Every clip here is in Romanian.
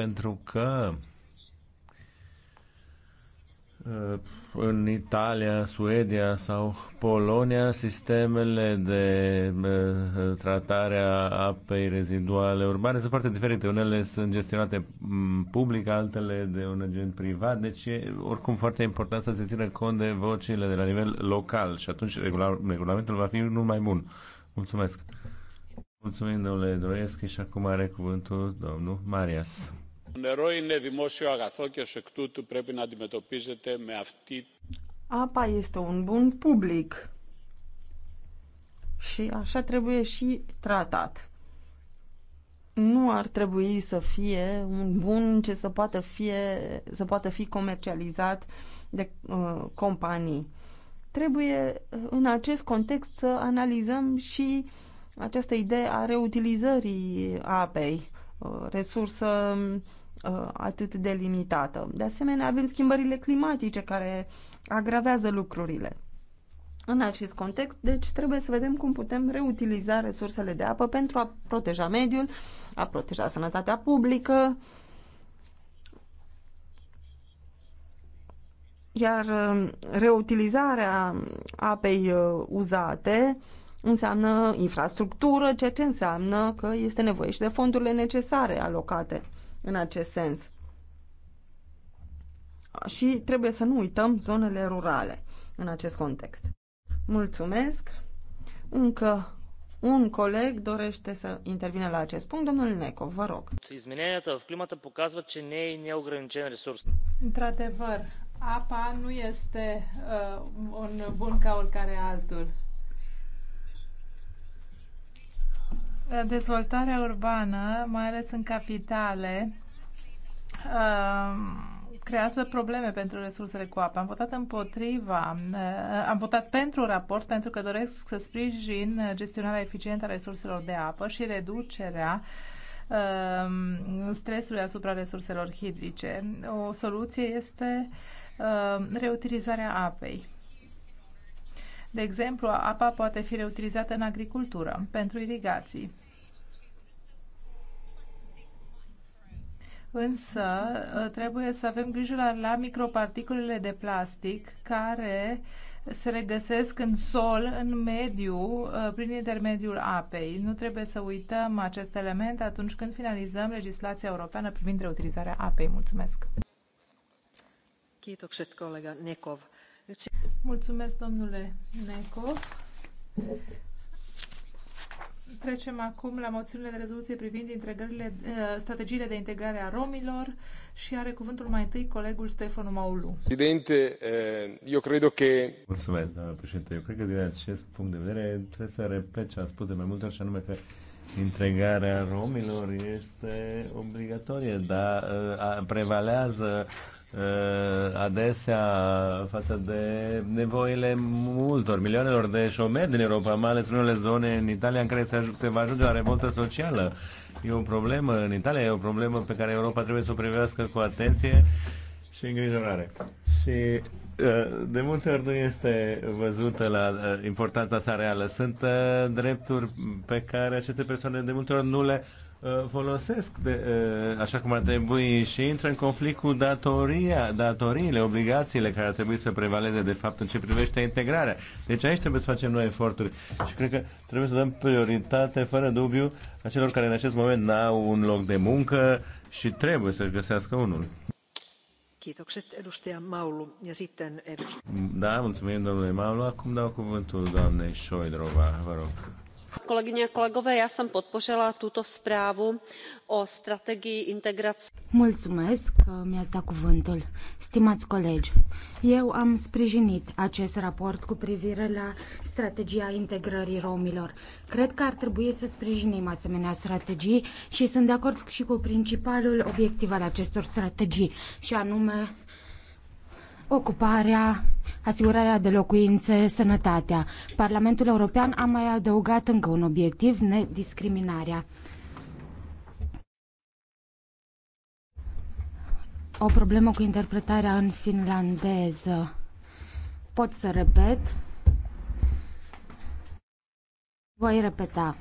Pentru că uh, în Italia, Suedia sau Polonia, sistemele de uh, tratare a apei reziduale urbane sunt foarte diferite. Unele sunt gestionate mm, public, altele de un agent privat, deci e oricum foarte important să se țină cont de vocile de la nivel local și atunci regulamentul va fi unul mai bun. Mulțumesc! Mulțumim, domnule Droieschi, și acum are cuvântul domnul Marias. Apa este un bun public și așa trebuie și tratat. Nu ar trebui să fie un bun ce să poată, fie, să poată fi comercializat de uh, companii. Trebuie uh, în acest context să analizăm și această idee a reutilizării apei, uh, resursă uh, Uh, atât de limitată. De asemenea, avem schimbările climatice care agravează lucrurile. În acest context, deci, trebuie să vedem cum putem reutiliza resursele de apă pentru a proteja mediul, a proteja sănătatea publică, iar uh, reutilizarea apei uh, uzate înseamnă infrastructură, ceea ce înseamnă că este nevoie și de fondurile necesare alocate în acest sens. Și trebuie să nu uităm zonele rurale în acest context. Mulțumesc! Încă un coleg dorește să intervine la acest punct. Domnul Neco, vă rog. Izmenirea в климата показват, че не neograniceni неограничен Într-adevăr, apa nu este uh, un bun ca oricare altul. Dezvoltarea urbană, mai ales în capitale, um, creează probleme pentru resursele cu apă. Am votat împotriva, uh, am votat pentru raport pentru că doresc să sprijin gestionarea eficientă a resurselor de apă și reducerea um, stresului asupra resurselor hidrice. O soluție este um, reutilizarea apei. De exemplu, apa poate fi reutilizată în agricultură, pentru irigații Însă uh, trebuie să avem grijă la, la microparticulele de plastic care se regăsesc în sol, în mediu, uh, prin intermediul apei. Nu trebuie să uităm acest element atunci când finalizăm legislația europeană privind reutilizarea apei. Mulțumesc! Kiitokset, collega Nekov. Mulțumesc, domnule Nekov. Trecem acum la moțiunile de rezoluție privind integrările, eh, strategiile de integrare a romilor și are cuvântul mai întâi colegul Stefan Maulu. Președinte, eh, eu cred că... Mulțumesc, doamna președinte. Eu cred că din acest punct de vedere trebuie să repet ce am spus de mai multe ori și anume că integrarea romilor este obligatorie, dar eh, prevalează Uh, adesea față de nevoile multor, milioanelor de șomeri din Europa, mai ales în unele zone în Italia în care se, aj- se va ajunge la revoltă socială. E o problemă în Italia, e o problemă pe care Europa trebuie să o privească cu atenție și îngrijorare. Și uh, de multe ori nu este văzută la uh, importanța sa reală. Sunt drepturi pe care aceste persoane de multe ori nu le Uh, folosesc de, uh, așa cum ar trebui și intră în conflict cu datoria, datoriile, obligațiile care ar trebui să prevaleze de fapt în ce privește integrarea. Deci aici trebuie să facem noi eforturi și cred că trebuie să dăm prioritate fără dubiu acelor care în acest moment n-au un loc de muncă și trebuie să-și găsească unul. Da, mulțumim domnule Maulu. Acum dau cuvântul doamnei Șoidrova, vă rog. Kolegyně, kolegové, já jsem podpořila tuto zprávu o strategii integrace. Mulțumesc că mi-ați dat cuvântul. Stimați colegi, eu am sprijinit acest raport cu privire la strategia integrării romilor. Cred că ar trebui să sprijinim asemenea strategii și sunt de acord și cu principalul obiectiv al acestor strategii, și anume ocuparea, asigurarea de locuințe, sănătatea. Parlamentul European a mai adăugat încă un obiectiv, nediscriminarea. O problemă cu interpretarea în finlandeză. Pot să repet? Voi repeta.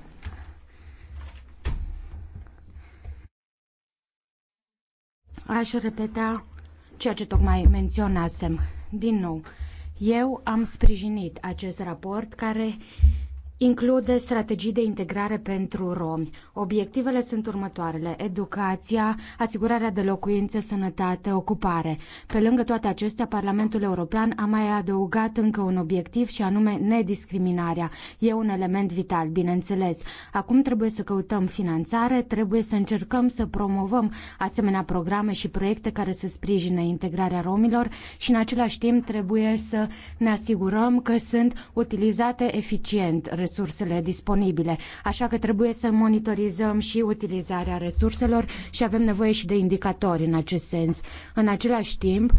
Aș repeta ceea ce tocmai menționasem. Din nou, eu am sprijinit acest raport care include strategii de integrare pentru romi. Obiectivele sunt următoarele: educația, asigurarea de locuințe, sănătate, ocupare. Pe lângă toate acestea, Parlamentul European a mai adăugat încă un obiectiv și anume nediscriminarea. E un element vital, bineînțeles. Acum trebuie să căutăm finanțare, trebuie să încercăm să promovăm asemenea programe și proiecte care să sprijine integrarea romilor și în același timp trebuie să ne asigurăm că sunt utilizate eficient resursele disponibile, așa că trebuie să monitorizăm și utilizarea resurselor și avem nevoie și de indicatori în acest sens. În același timp,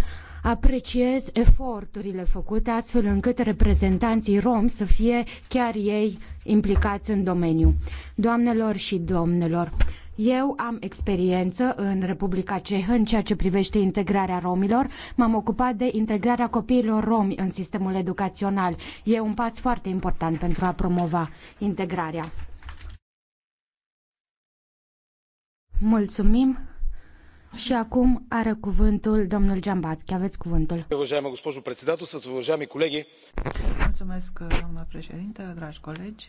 apreciez eforturile făcute astfel încât reprezentanții rom să fie chiar ei implicați în domeniu. Doamnelor și domnilor, eu am experiență în Republica Cehă în ceea ce privește integrarea romilor. M-am ocupat de integrarea copiilor romi în sistemul educațional. E un pas foarte important pentru a promova integrarea. Mulțumim. Și acum are cuvântul domnul Giambațchi. Aveți cuvântul. Mulțumesc, doamna președintă, dragi colegi.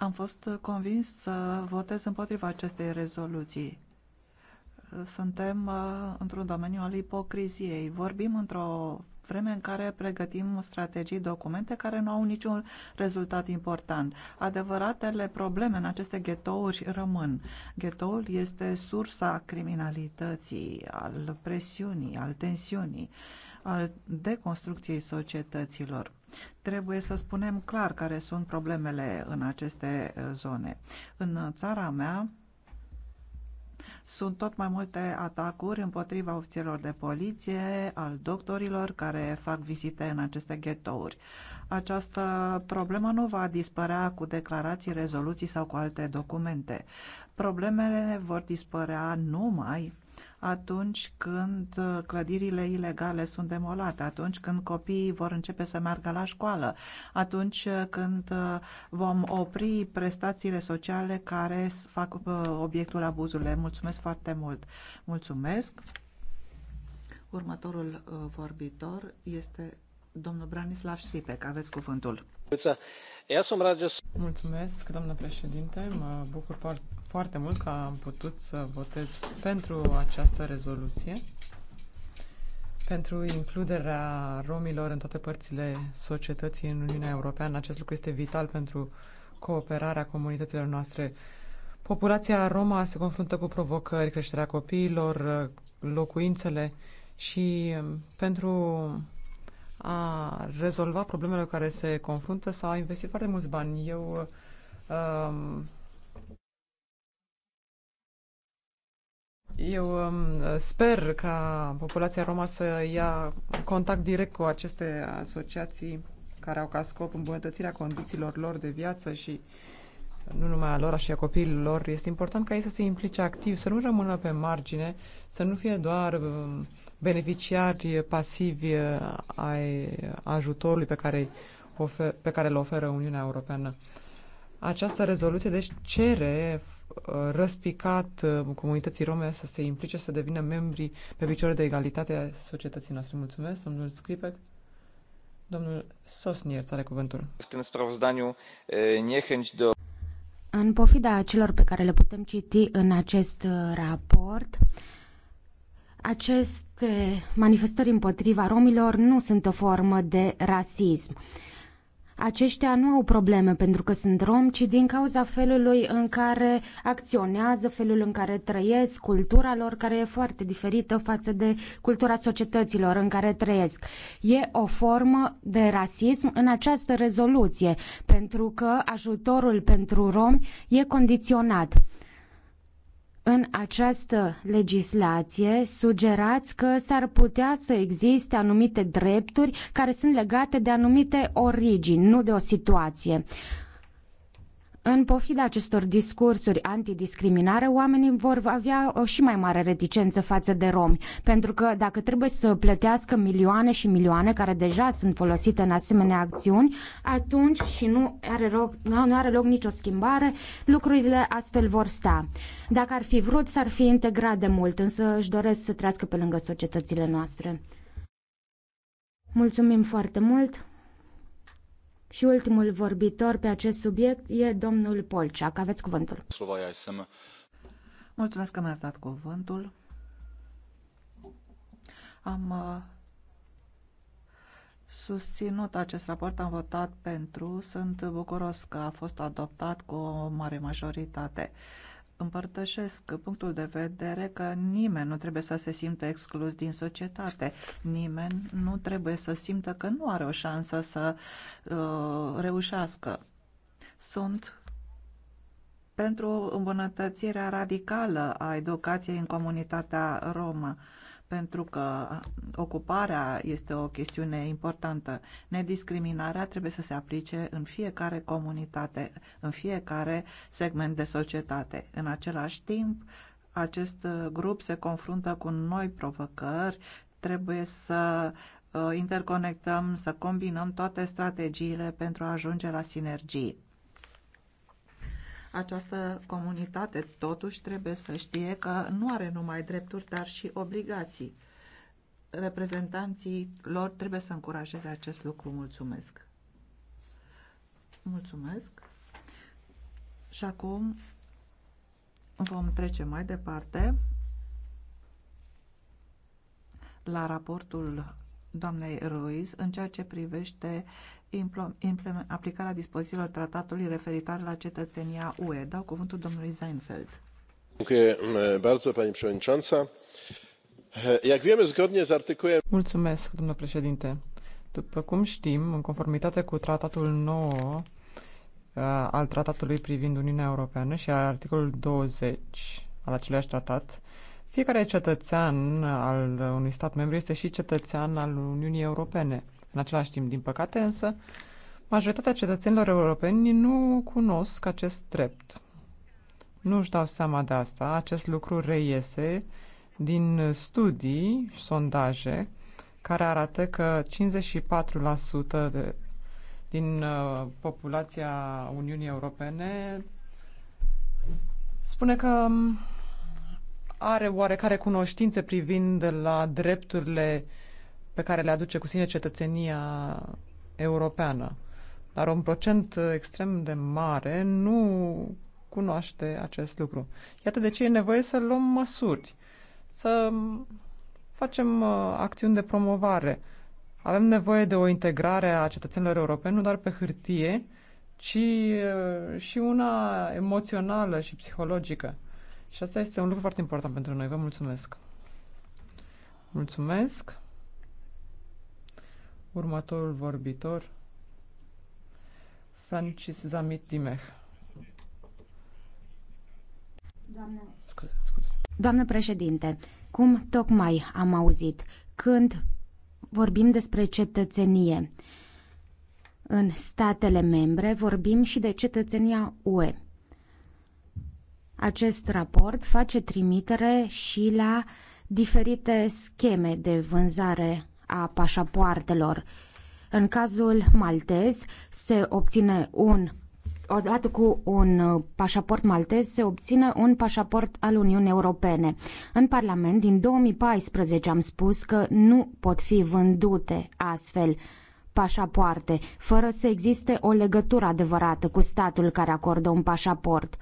Am fost convins să votez împotriva acestei rezoluții. Suntem uh, într-un domeniu al ipocriziei. Vorbim într-o vreme în care pregătim strategii, documente care nu au niciun rezultat important. Adevăratele probleme în aceste ghetouri rămân. Ghetoul este sursa criminalității, al presiunii, al tensiunii, al deconstrucției societăților Trebuie să spunem clar care sunt problemele în aceste eh, zone. În țara mea sunt tot mai multe atacuri împotriva ofițerilor de poliție, al doctorilor care fac vizite în aceste ghetouri. Această problemă nu va dispărea cu declarații, rezoluții sau cu alte documente. Problemele vor dispărea numai atunci când uh, clădirile ilegale sunt demolate, atunci când copiii vor începe să meargă la școală, atunci uh, când uh, vom opri prestațiile sociale care fac obiectul abuzului, Mulțumesc foarte mult! Mulțumesc! Următorul vorbitor este Domnule Branislav Sipec, aveți cuvântul. Mulțumesc, domnule președinte. Mă bucur foarte mult că am putut să votez pentru această rezoluție, pentru includerea romilor în toate părțile societății în Uniunea Europeană. Acest lucru este vital pentru cooperarea comunităților noastre. Populația Roma se confruntă cu provocări, creșterea copiilor, locuințele și um, pentru a rezolva problemele care se confruntă, sau a investit foarte mulți bani. Eu um, Eu um, sper ca populația Roma să ia contact direct cu aceste asociații care au ca scop îmbunătățirea condițiilor lor de viață și nu numai a lor, și a copiilor lor. Este important ca ei să se implice activ, să nu rămână pe margine, să nu fie doar um, beneficiari pasivi ai ajutorului pe care, ofer, pe care îl oferă Uniunea Europeană. Această rezoluție, deci, cere uh, răspicat uh, comunității rome să se implice, să devină membri pe picioare de egalitate a societății noastre. Mulțumesc, domnul Scripec. Domnul Sosnier, are cuvântul. În pofida celor pe care le putem citi în acest uh, raport, aceste manifestări împotriva romilor nu sunt o formă de rasism. Aceștia nu au probleme pentru că sunt romi, ci din cauza felului în care acționează, felul în care trăiesc, cultura lor, care e foarte diferită față de cultura societăților în care trăiesc. E o formă de rasism în această rezoluție, pentru că ajutorul pentru romi e condiționat. În această legislație sugerați că s-ar putea să existe anumite drepturi care sunt legate de anumite origini, nu de o situație. În pofida acestor discursuri antidiscriminare, oamenii vor avea o și mai mare reticență față de romi, pentru că dacă trebuie să plătească milioane și milioane care deja sunt folosite în asemenea acțiuni, atunci și nu are, loc, nu are loc nicio schimbare, lucrurile astfel vor sta. Dacă ar fi vrut, s-ar fi integrat de mult, însă își doresc să trăiască pe lângă societățile noastre. Mulțumim foarte mult! Și ultimul vorbitor pe acest subiect e domnul Polceac. Aveți cuvântul. Mulțumesc că mi-ați dat cuvântul. Am uh, susținut acest raport, am votat pentru, sunt bucuros că a fost adoptat cu o mare majoritate. Uh, împărtășesc punctul de vedere că nimeni nu trebuie să se simtă exclus din societate, nimeni nu trebuie să simtă că nu are o șansă să uh, reușească. Sunt pentru îmbunătățirea radicală a educației în comunitatea romă. Uh, pentru că ocuparea este o chestiune importantă. Nediscriminarea trebuie să se aplice în fiecare comunitate, în fiecare segment de societate. În același timp, acest grup se confruntă cu noi provocări, trebuie să uh, interconectăm, să combinăm toate strategiile pentru a ajunge la sinergii această comunitate, totuși, trebuie să știe că nu are numai drepturi, dar și obligații. Reprezentanții lor trebuie să încurajeze acest lucru. Mulțumesc! Mulțumesc! Și acum vom trece mai departe la raportul doamnei Ruiz în ceea ce privește aplicarea dispozițiilor tratatului referitor la cetățenia UE. Dau cuvântul domnului Seinfeld. Mulțumesc, domnule președinte. După cum știm, în conformitate cu tratatul Nou al tratatului privind Uniunea Europeană și articolul 20 al aceluiași tratat, fiecare cetățean al unui stat membru este și cetățean al Uniunii Europene. În același timp, din păcate însă, majoritatea cetățenilor europeni nu cunosc acest drept. Nu își dau seama de asta. Acest lucru reiese din studii și sondaje care arată că 54% de, din uh, populația Uniunii Europene spune că um, are oarecare cunoștințe privind la drepturile uh, pe care le aduce cu sine cetățenia europeană. Dar un procent extrem de mare nu cunoaște acest lucru. Iată de ce e nevoie să luăm măsuri, să facem uh, acțiuni de promovare. Avem nevoie de o integrare a cetățenilor europeni, nu doar pe hârtie, ci uh, și una emoțională și psihologică. Și asta este un lucru foarte important pentru noi. Vă mulțumesc! Mulțumesc! Următorul vorbitor, Francis Zamit Dimeh. Doamnă, scuze, scuze. președinte, cum tocmai am auzit, când vorbim despre cetățenie, în statele membre vorbim și de cetățenia UE. Acest raport face trimitere și la diferite scheme de vânzare a pașapoartelor. În cazul maltez se obține un odată cu un uh, pașaport maltez se obține un pașaport al Uniunii Europene. În Parlament din 2014 am spus că nu pot fi vândute astfel pașapoarte, fără să existe o legătură adevărată cu statul care acordă un pașaport.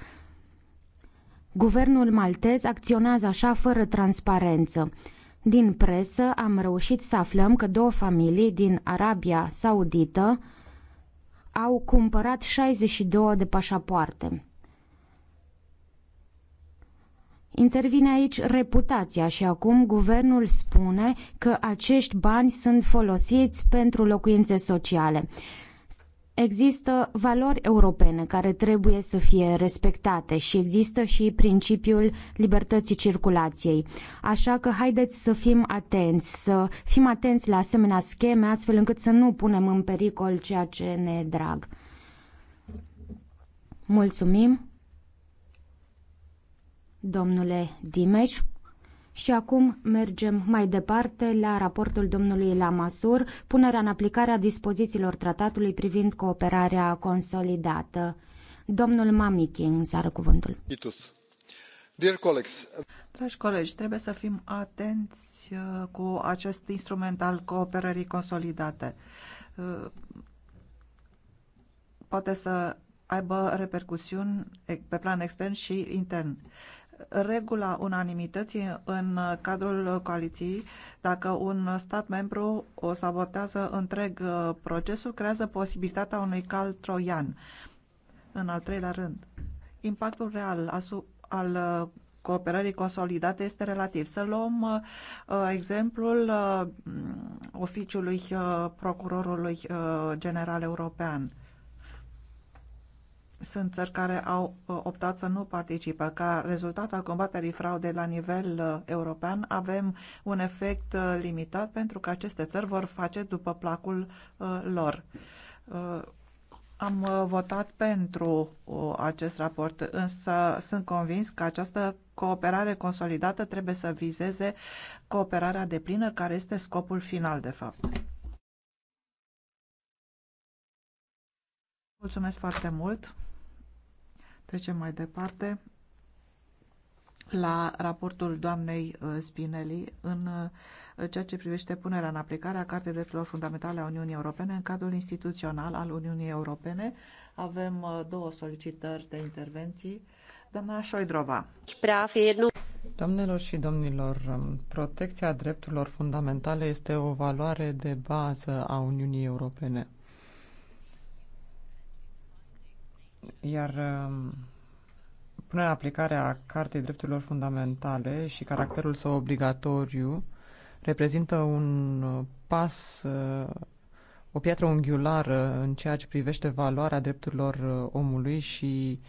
Guvernul maltez acționează așa fără transparență. Din presă am reușit să aflăm că două familii din Arabia Saudită au cumpărat 62 de pașapoarte. Intervine aici reputația și acum guvernul spune că acești bani sunt folosiți pentru locuințe sociale. Există valori europene care trebuie să fie respectate și există și principiul libertății circulației. Așa că haideți să fim atenți, să fim atenți la asemenea scheme, astfel încât să nu punem în pericol ceea ce ne drag. Mulțumim, domnule Dimeci. Și acum mergem mai departe la raportul domnului Lamasur, punerea în aplicare a dispozițiilor tratatului privind cooperarea consolidată. Domnul Mamikins zară cuvântul. Itus. Dear colleagues, Dragi colegi, trebuie să fim atenți uh, cu acest instrument al cooperării consolidate. Uh, poate să aibă repercusiuni pe plan extern și intern regula unanimității în cadrul coaliției, dacă un stat membru o sabotează întreg uh, procesul, creează posibilitatea unui cal troian. În al treilea rând, impactul real al uh, cooperării consolidate este relativ. Să luăm uh, exemplul oficiului procurorului general european sunt țări care au uh, optat să nu participe. Ca rezultat al combaterii fraudei la nivel uh, european avem un efect uh, limitat pentru că aceste țări vor face după placul lor. Am votat pentru acest raport, însă sunt convins că această cooperare consolidată trebuie să vizeze cooperarea deplină, care este scopul final, de fapt. Mulțumesc foarte mult! Trecem mai departe la raportul doamnei uh, Spinelli în uh, ceea ce privește punerea în aplicare a Cartei Drepturilor Fundamentale a Uniunii Europene în cadrul instituțional al Uniunii Europene. Avem uh, două solicitări de intervenții. Doamna Șoidrova. Doamnelor și domnilor, um, protecția drepturilor fundamentale este o valoare de bază a Uniunii Europene. Iar um, punerea aplicarea aplicare Cartei Drepturilor Fundamentale și caracterul său obligatoriu reprezintă un uh, pas, uh, o piatră unghiulară în ceea ce privește valoarea drepturilor uh, omului și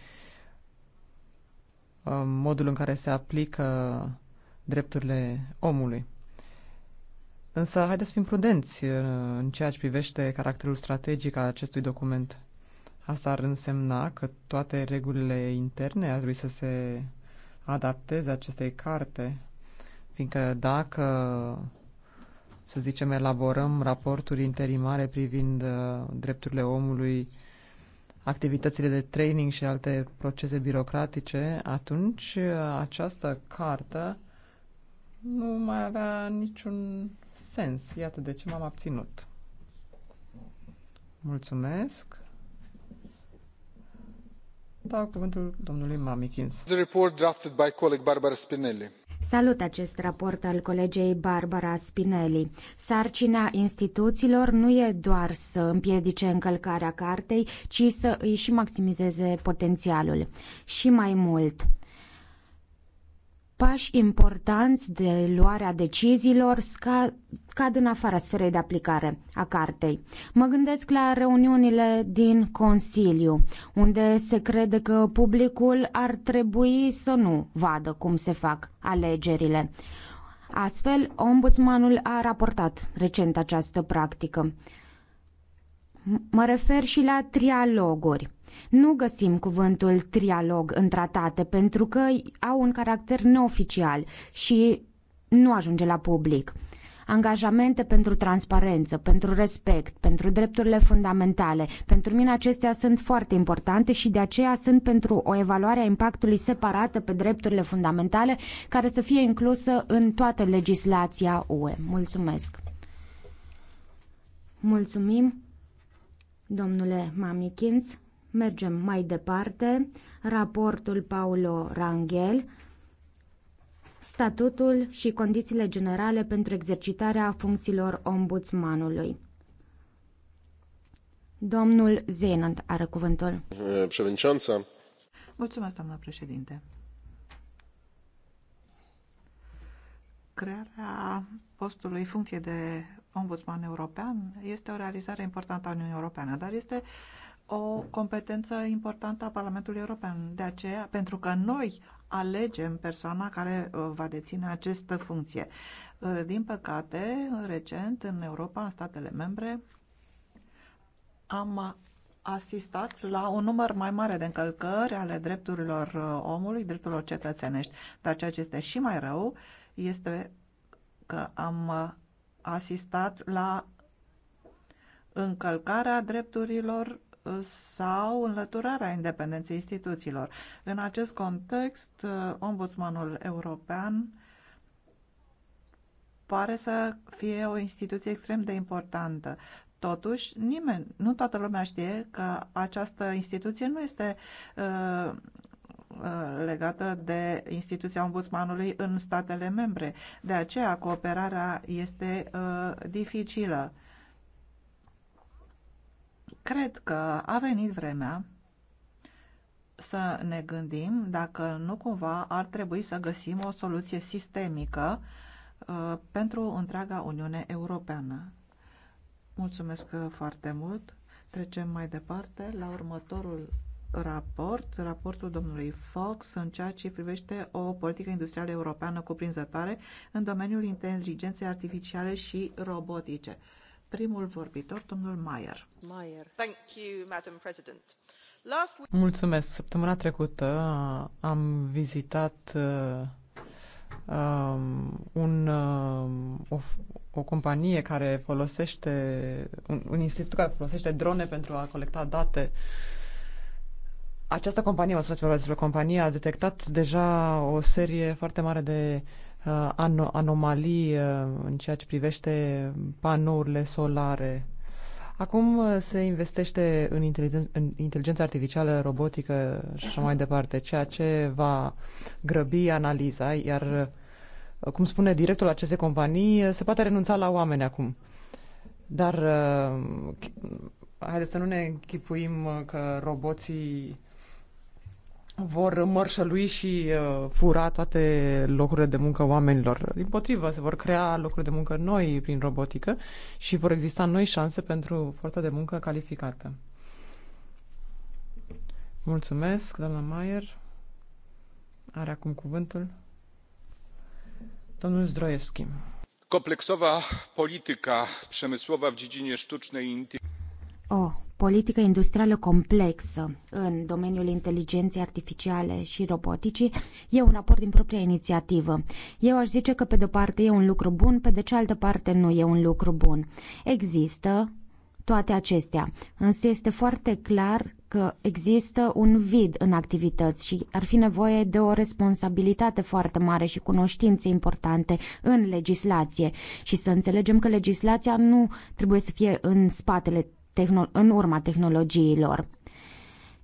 modul în care se aplică drepturile omului. Însă, haideți să fim prudenți în ceea ce privește caracterul strategic al acestui document. Asta ar însemna că toate regulile interne ar trebui să se adapteze acestei carte, fiindcă dacă, să zicem, elaborăm raporturi interimare privind uh, drepturile omului, activitățile de training și alte procese birocratice, atunci uh, această carte nu mai avea niciun sens. Iată de ce m-am abținut. Mulțumesc. Dau cuvântul domnului Mamikins. The report drafted by colleague Barbara Spinelli. Salut acest raport al colegei Barbara Spinelli. Sarcina instituțiilor nu e doar să împiedice încălcarea cartei, ci să îi și maximizeze potențialul. Și mai mult, pași importanți de luarea deciziilor sca, cad în afara sferei de aplicare a cartei. Mă gândesc la reuniunile din Consiliu, unde se crede că publicul ar trebui să nu vadă cum se fac alegerile. Astfel, ombudsmanul a raportat recent această practică. Mă refer și la trialoguri. Nu găsim cuvântul trialog în tratate pentru că au un caracter neoficial și nu ajunge la public. Angajamente pentru transparență, pentru respect, pentru drepturile fundamentale. Pentru mine acestea sunt foarte importante și de aceea sunt pentru o evaluare a impactului separată pe drepturile fundamentale care să fie inclusă în toată legislația UE. Mulțumesc! Mulțumim! Domnule Mamikins, mergem mai departe. Raportul Paulo Rangel, statutul și condițiile generale pentru exercitarea funcțiilor ombudsmanului. Domnul Zenant are cuvântul. Președința. Mulțumesc, doamna președinte. Crearea postului funcție de ombudsman european este o realizare importantă a Uniunii Europeană, dar este o competență importantă a Parlamentului European. De aceea, pentru că noi alegem persoana care uh, va deține această funcție. Uh, din păcate, recent, în Europa, în statele membre, am asistat la un număr mai mare de încălcări ale drepturilor uh, omului, drepturilor cetățenești. Dar ceea ce este și mai rău este că am asistat la încălcarea drepturilor uh, sau înlăturarea independenței instituțiilor. În acest context, uh, Ombudsmanul European pare să fie o instituție extrem de importantă. Totuși, nimeni, nu toată lumea știe că această instituție nu este uh, Uh, legată de instituția ombudsmanului în statele membre. De aceea cooperarea este uh, dificilă. Cred că a venit vremea să ne gândim dacă nu cumva ar trebui să găsim o soluție sistemică uh, pentru întreaga Uniune Europeană. Mulțumesc foarte mult! Trecem mai departe la următorul raport, raportul domnului Fox în ceea ce privește o politică industrială europeană cuprinzătoare în domeniul inteligenței artificiale și robotice. Primul vorbitor, domnul Mayer. Mayer. Thank you, Madam President. Last week... Mulțumesc. Săptămâna trecută uh, am vizitat uh, um, un, um, o, o companie care folosește, un, un institut care folosește drone pentru a colecta date uh, această companie, mă spuneți despre companie, a detectat deja o serie foarte mare de uh, an- anomalii uh, în ceea ce privește panourile solare. Acum uh, se investește în, inteligen- în inteligența artificială, robotică și așa mai departe, ceea ce va grăbi analiza, iar, uh, cum spune directul acestei companii, uh, se poate renunța la oameni acum. Dar haideți să nu ne închipuim că roboții vor mărșălui și uh, fura toate locurile de muncă oamenilor. Din potrivă, se vor crea locuri de muncă noi prin robotică și vor exista noi șanse pentru forța de muncă calificată. Mulțumesc, doamna Maier. Are acum cuvântul domnul Zdroievski. Kompleksowa polityka przemysłowa w dziedzinie sztucznej i O, politică industrială complexă în domeniul inteligenței artificiale și roboticii e un raport din propria inițiativă. Eu aș zice că pe de-o parte e un lucru bun, pe de cealaltă parte nu e un lucru bun. Există toate acestea, însă este foarte clar că există un vid în activități și ar fi nevoie de o responsabilitate foarte mare și cunoștințe importante în legislație și să înțelegem că legislația nu trebuie să fie în spatele în urma tehnologiilor.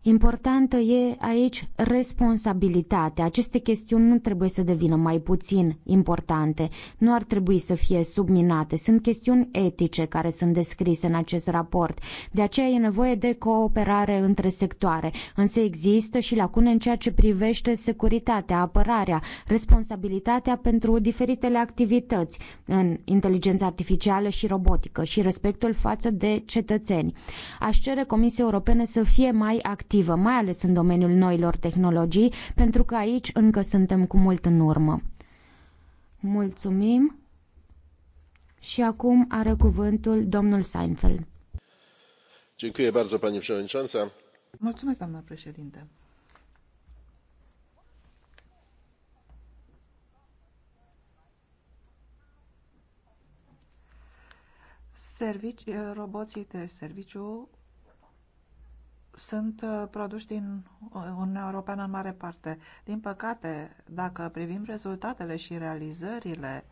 Importantă e aici responsabilitatea. Aceste chestiuni nu trebuie să devină mai puțin importante, nu ar trebui să fie subminate. Sunt chestiuni etice care sunt descrise în acest raport. De aceea e nevoie de cooperare între sectoare, însă există și lacune în ceea ce privește securitatea, apărarea, responsabilitatea pentru diferitele activități în inteligența artificială și robotică și respectul față de cetățeni. Aș cere Comisiei Europene să fie mai activă activă, mai ales în domeniul noilor tehnologii, pentru că aici încă suntem cu mult în urmă. Mulțumim! Și acum are cuvântul domnul Seinfeld. Dziękuję bardzo, pani przewodnicząca. Mulțumesc, doamna președinte. Servici, roboții de serviciu sunt uh, produși din uh, Uniunea Europeană în mare parte. Din păcate, dacă privim rezultatele și realizările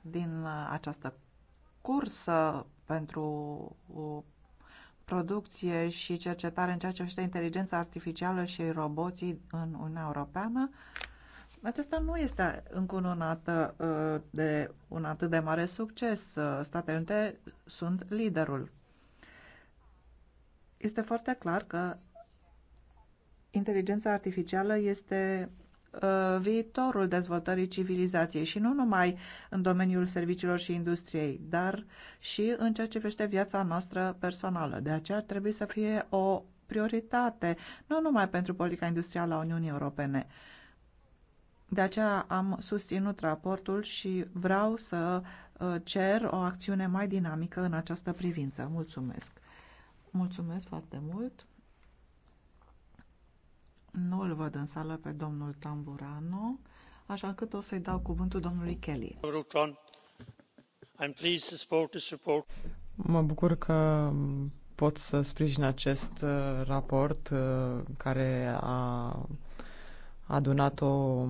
din uh, această cursă pentru producție și cercetare în ceea ce privește inteligența artificială și roboții în Uniunea Europeană, acesta nu este încununată de un atât de mare succes. Statele Unite sunt liderul este foarte clar că inteligența artificială este uh, viitorul dezvoltării civilizației și nu numai în domeniul serviciilor și industriei, dar și în ceea ce privește viața noastră personală. De aceea ar trebui să fie o prioritate, nu numai pentru politica industrială a Uniunii Europene. De aceea am susținut raportul și vreau să uh, cer o acțiune mai dinamică în această privință. Mulțumesc! Mulțumesc foarte mult. Nu îl văd în sală pe domnul Tamburano, așa că o să-i dau cuvântul domnului Kelly. Mă bucur că pot să sprijin acest uh, raport uh, care a adunat o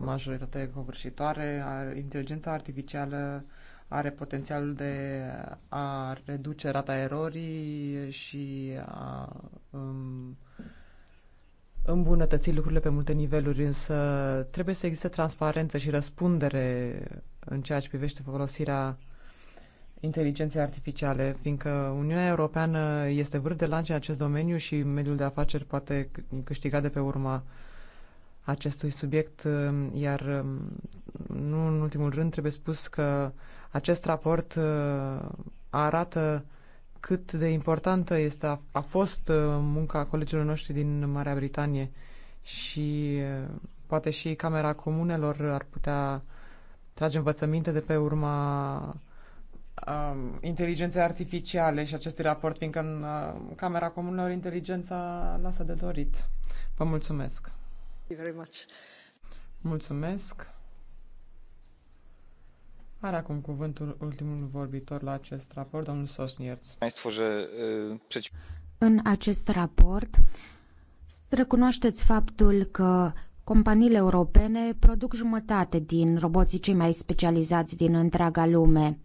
majoritate covârșitoare. Inteligența artificială are potențialul de a reduce rata erorii și a um, îmbunătăți lucrurile pe multe niveluri, însă trebuie să existe transparență și răspundere în ceea ce privește folosirea inteligenței artificiale, fiindcă Uniunea Europeană este vârf de lance în acest domeniu și mediul de afaceri poate câștiga de pe urma acestui subiect, um, iar um, nu în ultimul rând trebuie spus că acest raport uh, arată cât de importantă este, a, a fost uh, munca colegilor noștri din Marea Britanie și uh, poate și Camera Comunelor ar putea trage învățăminte de pe urma uh, inteligenței artificiale și acestui raport, fiindcă în uh, Camera Comunelor inteligența lasă de dorit. Vă mulțumesc! Mulțumesc! Are acum cuvântul ultimul vorbitor la acest raport, domnul Sosnierț. În acest raport recunoașteți faptul că companiile europene produc jumătate din roboții cei mai specializați din întreaga lume.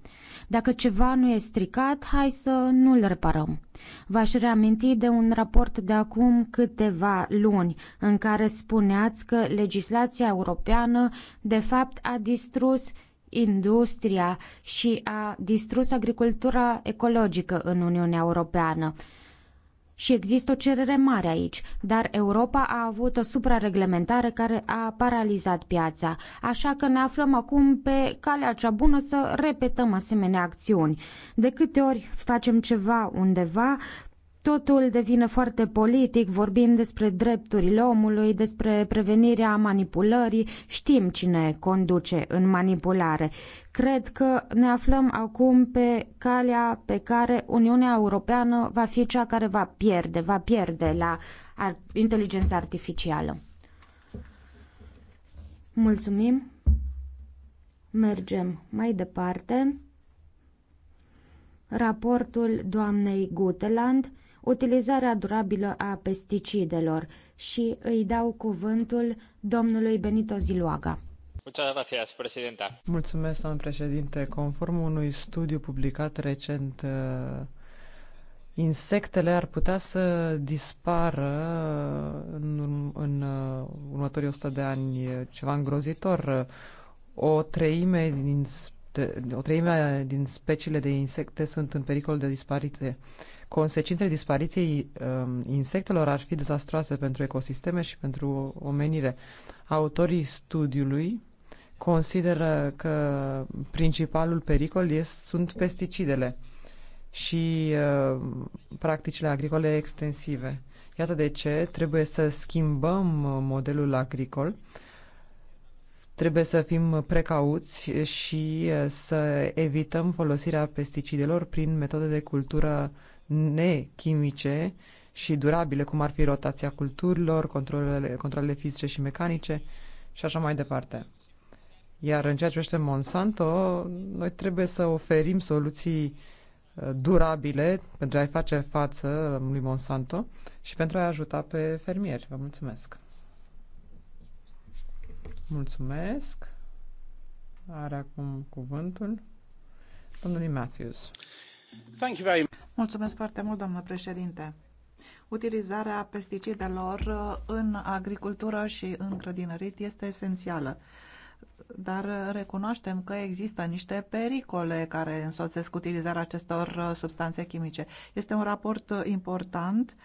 Dacă ceva nu e stricat, hai să nu-l reparăm. V-aș reaminti de un raport de acum câteva luni în care spuneați că legislația europeană de fapt a distrus industria și a distrus agricultura ecologică în Uniunea Europeană. Și există o cerere mare aici, dar Europa a avut o suprareglementare care a paralizat piața, așa că ne aflăm acum pe calea cea bună să repetăm asemenea acțiuni. De câte ori facem ceva undeva, Totul devine foarte politic, vorbim despre drepturile omului, despre prevenirea manipulării, știm cine conduce în manipulare. Cred că ne aflăm acum pe calea pe care Uniunea Europeană va fi cea care va pierde, va pierde la ar- inteligența artificială. Mulțumim. Mergem mai departe. Raportul doamnei Guteland utilizarea durabilă a pesticidelor și îi dau cuvântul domnului Benito Ziluaga. Mulțumesc, domnul președinte. Conform unui studiu publicat recent, uh, insectele ar putea să dispară în, în uh, următorii 100 de ani, ceva îngrozitor. O treime din, o treime din speciile de insecte sunt în pericol de dispariție Consecințele dispariției um, insectelor ar fi dezastroase pentru ecosisteme și pentru omenire. Autorii studiului consideră că principalul pericol este, sunt pesticidele și uh, practicile agricole extensive. Iată de ce trebuie să schimbăm modelul agricol, trebuie să fim precauți și uh, să evităm folosirea pesticidelor prin metode de cultură nechimice și durabile, cum ar fi rotația culturilor, controlele, controlele fizice și mecanice și așa mai departe. Iar în ceea ce privește Monsanto, noi trebuie să oferim soluții uh, durabile pentru a-i face față lui Monsanto și pentru a-i ajuta pe fermieri. Vă mulțumesc! Mulțumesc! Are acum cuvântul domnului Matthews. Thank you very much. Mulțumesc foarte mult, domnule președinte. Utilizarea pesticidelor uh, în agricultură și în grădinărit este esențială dar uh, recunoaștem că există niște pericole care însoțesc utilizarea acestor uh, substanțe chimice. Este un raport important.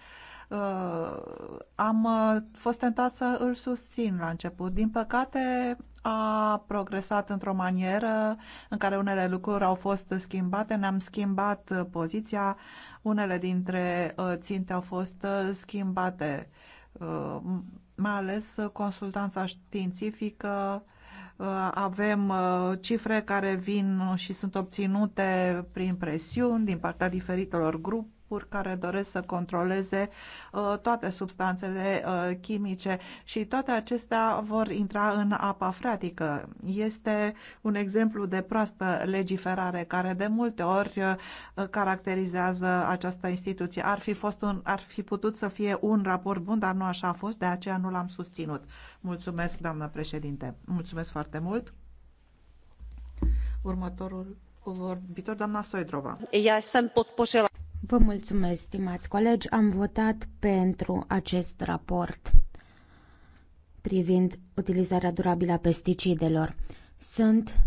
Am fost tentat să îl susțin la început. Din păcate, a progresat într-o manieră în care unele lucruri au fost schimbate, ne-am schimbat uh, poziția, unele dintre uh, ținte au fost uh, schimbate, mai ales consultanța științifică, avem cifre care vin și sunt obținute prin presiuni din partea diferitelor grup, grupuri care doresc să controleze uh, toate substanțele uh, chimice și toate acestea vor intra în apa fratică. Este un exemplu de proastă legiferare care de multe ori uh, caracterizează această instituție. Ar fi, fost un, ar fi putut să fie un raport bun, dar nu așa a fost, de aceea nu l-am susținut. Mulțumesc, doamnă președinte. Mulțumesc foarte mult. Următorul vorbitor, doamna Soidrova. Ja sunt podpořila Vă mulțumesc, stimați colegi, am votat pentru acest raport privind utilizarea durabilă a pesticidelor. Sunt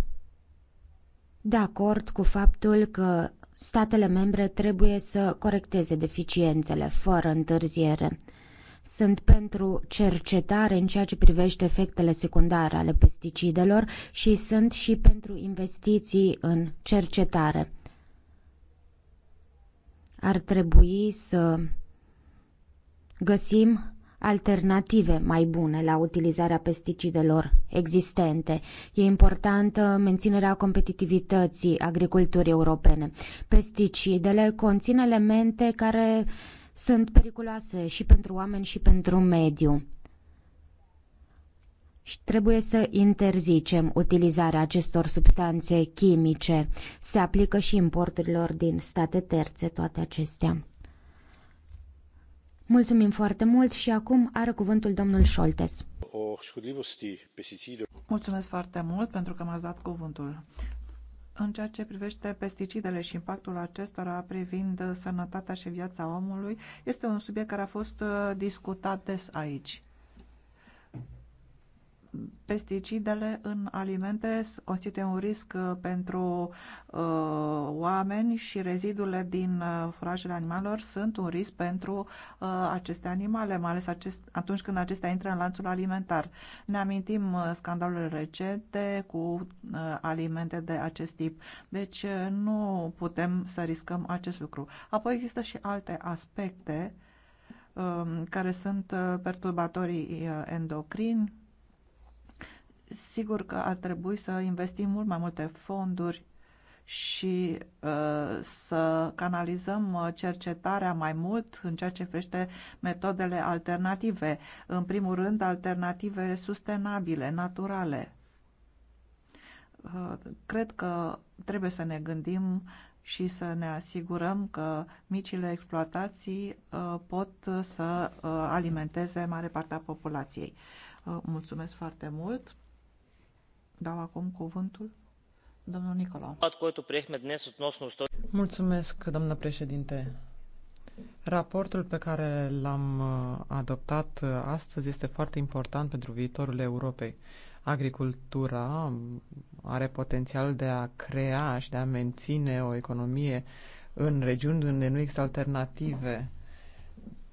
de acord cu faptul că statele membre trebuie să corecteze deficiențele fără întârziere. Sunt pentru cercetare în ceea ce privește efectele secundare ale pesticidelor și sunt și pentru investiții în cercetare. Ar trebui să găsim alternative mai bune la utilizarea pesticidelor existente. E importantă menținerea competitivității agriculturii europene. Pesticidele conțin elemente care sunt periculoase și pentru oameni și pentru mediu și trebuie să interzicem utilizarea acestor substanțe chimice. Se aplică și importurilor din state terțe toate acestea. Mulțumim foarte mult și acum are cuvântul domnul Șoltes. Mulțumesc foarte mult pentru că m-ați dat cuvântul. În ceea ce privește pesticidele și impactul acestora privind sănătatea și viața omului, este un subiect care a fost uh, discutat des aici pesticidele în alimente constituie un risc uh, pentru uh, oameni și rezidurile din uh, furajele animalelor sunt un risc pentru uh, aceste animale, mai ales acest, atunci când acestea intră în lanțul alimentar. Ne amintim uh, scandalurile recente cu uh, alimente de acest tip, deci uh, nu putem să riscăm acest lucru. Apoi există și alte aspecte um, care sunt uh, perturbatorii uh, endocrini, Sigur că ar trebui să investim mult mai multe fonduri și uh, să canalizăm uh, cercetarea mai mult în ceea ce privește metodele alternative. În primul rând, alternative sustenabile, naturale. Uh, cred că trebuie să ne gândim și să ne asigurăm că micile exploatații uh, pot să uh, alimenteze mare parte a populației. Uh, mulțumesc foarte mult! cuvântul domnul Nicolau. doamnă președinte. Raportul pe care l-am uh, adoptat uh, astăzi este foarte important pentru viitorul Europei. Agricultura um, are potențial de a crea și de a menține o economie în regiuni unde nu există alternative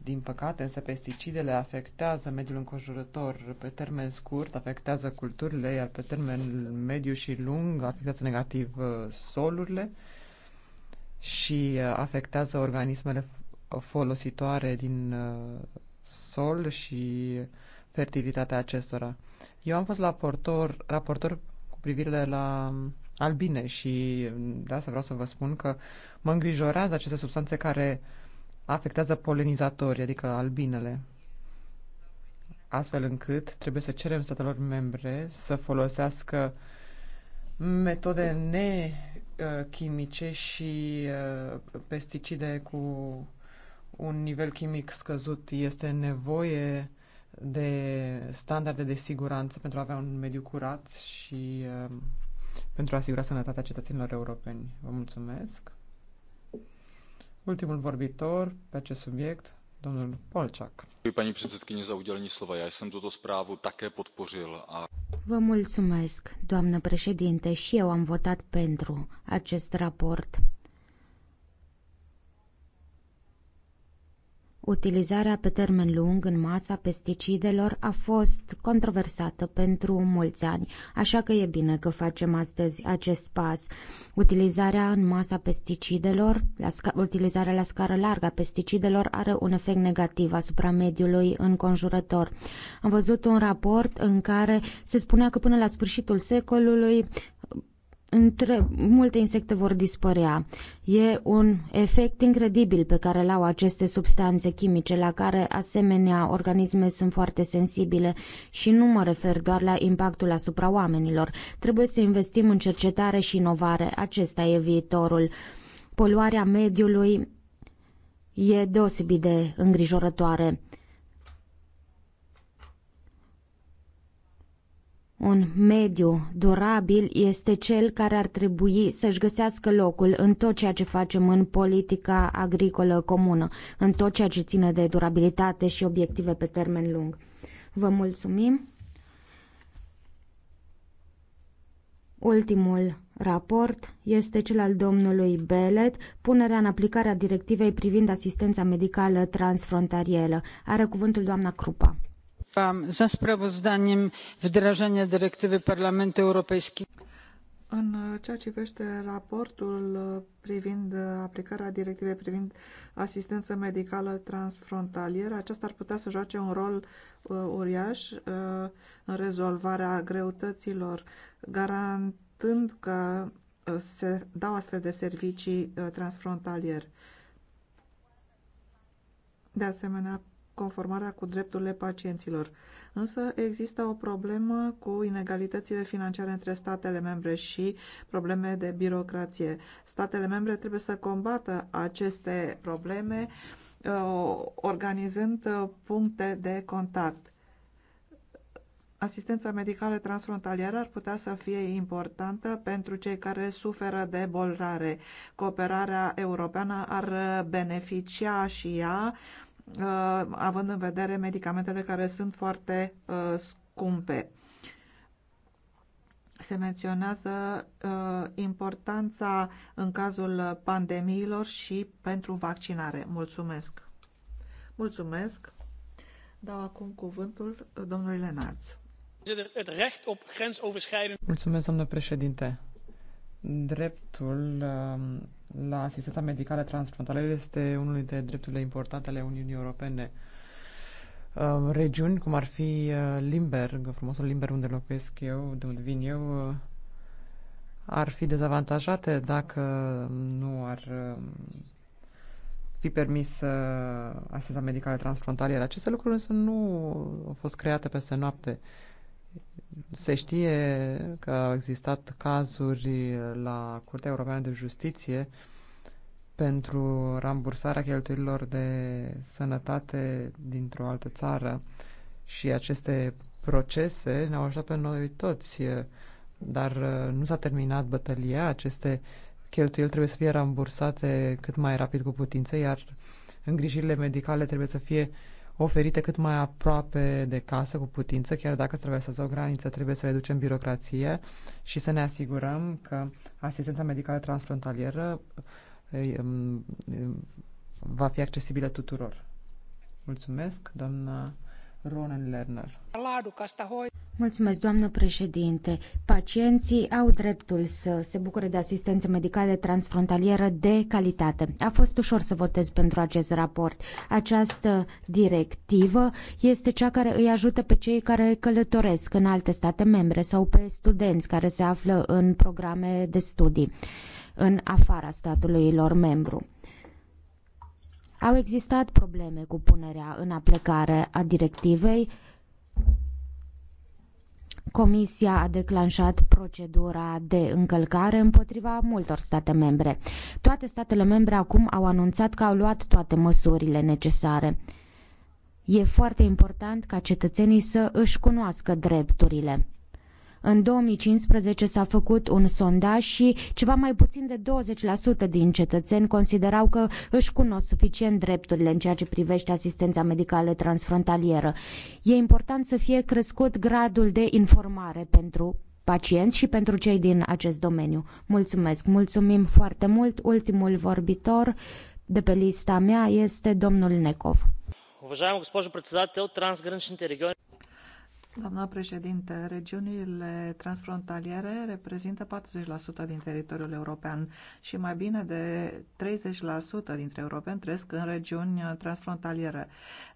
din păcate, însă, pesticidele afectează mediul înconjurător pe termen scurt, afectează culturile, iar pe termen mediu și lung afectează negativ uh, solurile și uh, afectează organismele folositoare din uh, sol și fertilitatea acestora. Eu am fost portor, raportor cu privire la um, albine și de asta vreau să vă spun că mă îngrijorează aceste substanțe care afectează polenizatorii, adică albinele. Astfel încât trebuie să cerem statelor membre să folosească metode nechimice și uh, pesticide cu un nivel chimic scăzut. Este nevoie de standarde de siguranță pentru a avea un mediu curat și uh, pentru a asigura sănătatea cetățenilor europeni. Vă mulțumesc! Ultimul vorbitor pe acest subiect, domnul Polciac. Paní předsedkyně za udělení slova. Já jsem tuto zprávu také podpořil a Vă mulțumesc, doamnă președinte, și eu am votat pentru acest raport. Utilizarea pe termen lung în masă a pesticidelor a fost controversată pentru mulți ani, așa că e bine că facem astăzi acest pas. Utilizarea în masă a pesticidelor, la utilizarea la scară largă a pesticidelor are un efect negativ asupra mediului înconjurător. Am văzut un raport în care se spunea că până la sfârșitul secolului între, multe insecte vor dispărea. E un efect incredibil pe care l-au aceste substanțe chimice, la care asemenea organisme sunt foarte sensibile și nu mă refer doar la impactul asupra oamenilor. Trebuie să investim în cercetare și inovare. Acesta e viitorul. Poluarea mediului e deosebit de îngrijorătoare. Un mediu durabil este cel care ar trebui să-și găsească locul în tot ceea ce facem în politica agricolă comună, în tot ceea ce ține de durabilitate și obiective pe termen lung. Vă mulțumim! Ultimul raport este cel al domnului Belet, punerea în aplicare a directivei privind asistența medicală transfrontalieră. Are cuvântul doamna Crupa państwa za sprawozdaniem wdrażania dyrektywy parlamentu europejskiego în ceea ce privește raportul privind aplicarea directivei privind asistență medicală transfrontalieră, aceasta ar putea să joace un rol uh, uriaș uh, în rezolvarea greutăților, garantând că uh, se dau astfel de servicii uh, transfrontalier. De asemenea, conformarea cu drepturile pacienților. Însă există o problemă cu inegalitățile financiare între statele membre și probleme de birocrație. Statele membre trebuie să combată aceste probleme uh, organizând uh, puncte de contact. Asistența medicală transfrontalieră ar putea să fie importantă pentru cei care suferă de bolrare. Cooperarea europeană ar beneficia și ea Uh, având în vedere medicamentele care sunt foarte uh, scumpe. Se menționează uh, importanța în cazul pandemiilor și pentru vaccinare. Mulțumesc! Mulțumesc! Dau acum cuvântul domnului Lenarț. Mulțumesc, domnule președinte. Dreptul um, la asistența medicală transfrontalieră este unul dintre drepturile importante ale Uniunii Europene. Regiuni, cum ar fi uh, Limberg, frumosul Limberg unde locuiesc eu, de unde vin eu, uh, ar fi dezavantajate dacă nu ar uh, fi permis asistența medicală transfrontalieră. Aceste lucruri însă nu au fost create peste noapte. Se știe că au existat cazuri la Curtea Europeană de Justiție pentru rambursarea cheltuielilor de sănătate dintr-o altă țară și aceste procese ne-au ajutat pe noi toți, dar nu s-a terminat bătălia, aceste cheltuieli trebuie să fie rambursate cât mai rapid cu putință, iar îngrijirile medicale trebuie să fie uh, oferite cât mai aproape de casă, cu putință, chiar dacă se traversează o graniță, trebuie să reducem birocrație și să ne asigurăm că asistența medicală transfrontalieră eh, va fi accesibilă tuturor. Mulțumesc, doamna Ronen Lerner. Mulțumesc, doamnă președinte. Pacienții au dreptul să se bucure de asistență medicală transfrontalieră de calitate. A fost ușor să votez pentru acest raport. Această directivă este cea care îi ajută pe cei care călătoresc în alte state membre sau pe studenți care se află în programe de studii în afara statului lor membru. Au existat probleme cu punerea în aplicare a directivei. Comisia a declanșat procedura de încălcare împotriva multor state membre. Toate statele membre acum au anunțat că au luat toate măsurile necesare. E foarte important ca cetățenii să își cunoască drepturile. În 2015 s-a făcut un sondaj și ceva mai puțin de 20% din cetățeni considerau că își cunosc suficient drepturile în ceea ce privește asistența medicală transfrontalieră. E important să fie crescut gradul de informare pentru pacienți și pentru cei din acest domeniu. Mulțumesc, mulțumim foarte mult. Ultimul vorbitor de pe lista mea este domnul Necov. Уважаема госпожо председател, трансграничните региони Doamna președinte, regiunile transfrontaliere reprezintă 40% din teritoriul european și mai bine de 30% dintre europeni trăiesc în regiuni transfrontaliere.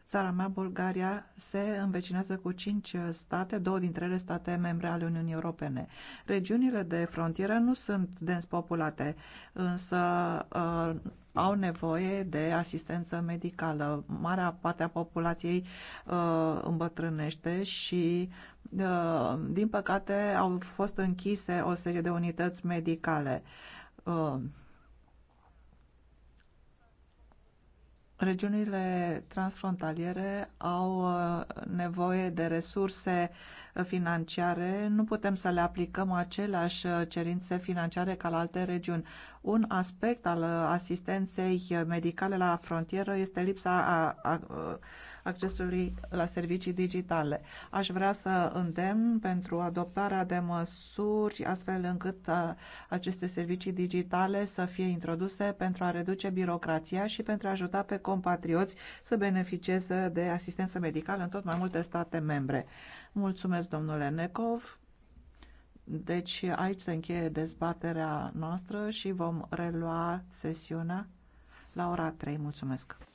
Țara mea, Bulgaria, se învecinează cu cinci state, două dintre ele state membre ale Uniunii Europene. Regiunile de frontieră nu sunt dens populate, însă uh, au nevoie de asistență medicală. Marea parte a populației uh, îmbătrânește și, uh, din păcate, au fost închise o serie de unități medicale. Uh, Regiunile transfrontaliere au uh, nevoie de resurse financiare. Nu putem să le aplicăm aceleași uh, cerințe financiare ca la alte regiuni. Un aspect al uh, asistenței medicale la frontieră este lipsa a, a, accesului la servicii digitale. Aș vrea să îndemn pentru adoptarea de măsuri astfel încât uh, aceste servicii digitale să fie introduse pentru a reduce birocrația și pentru a ajuta pe compatrioți să beneficieze de asistență medicală în tot mai multe state membre. Mulțumesc, domnule Necov. Deci aici se încheie dezbaterea noastră și vom relua sesiunea la ora 3. Mulțumesc!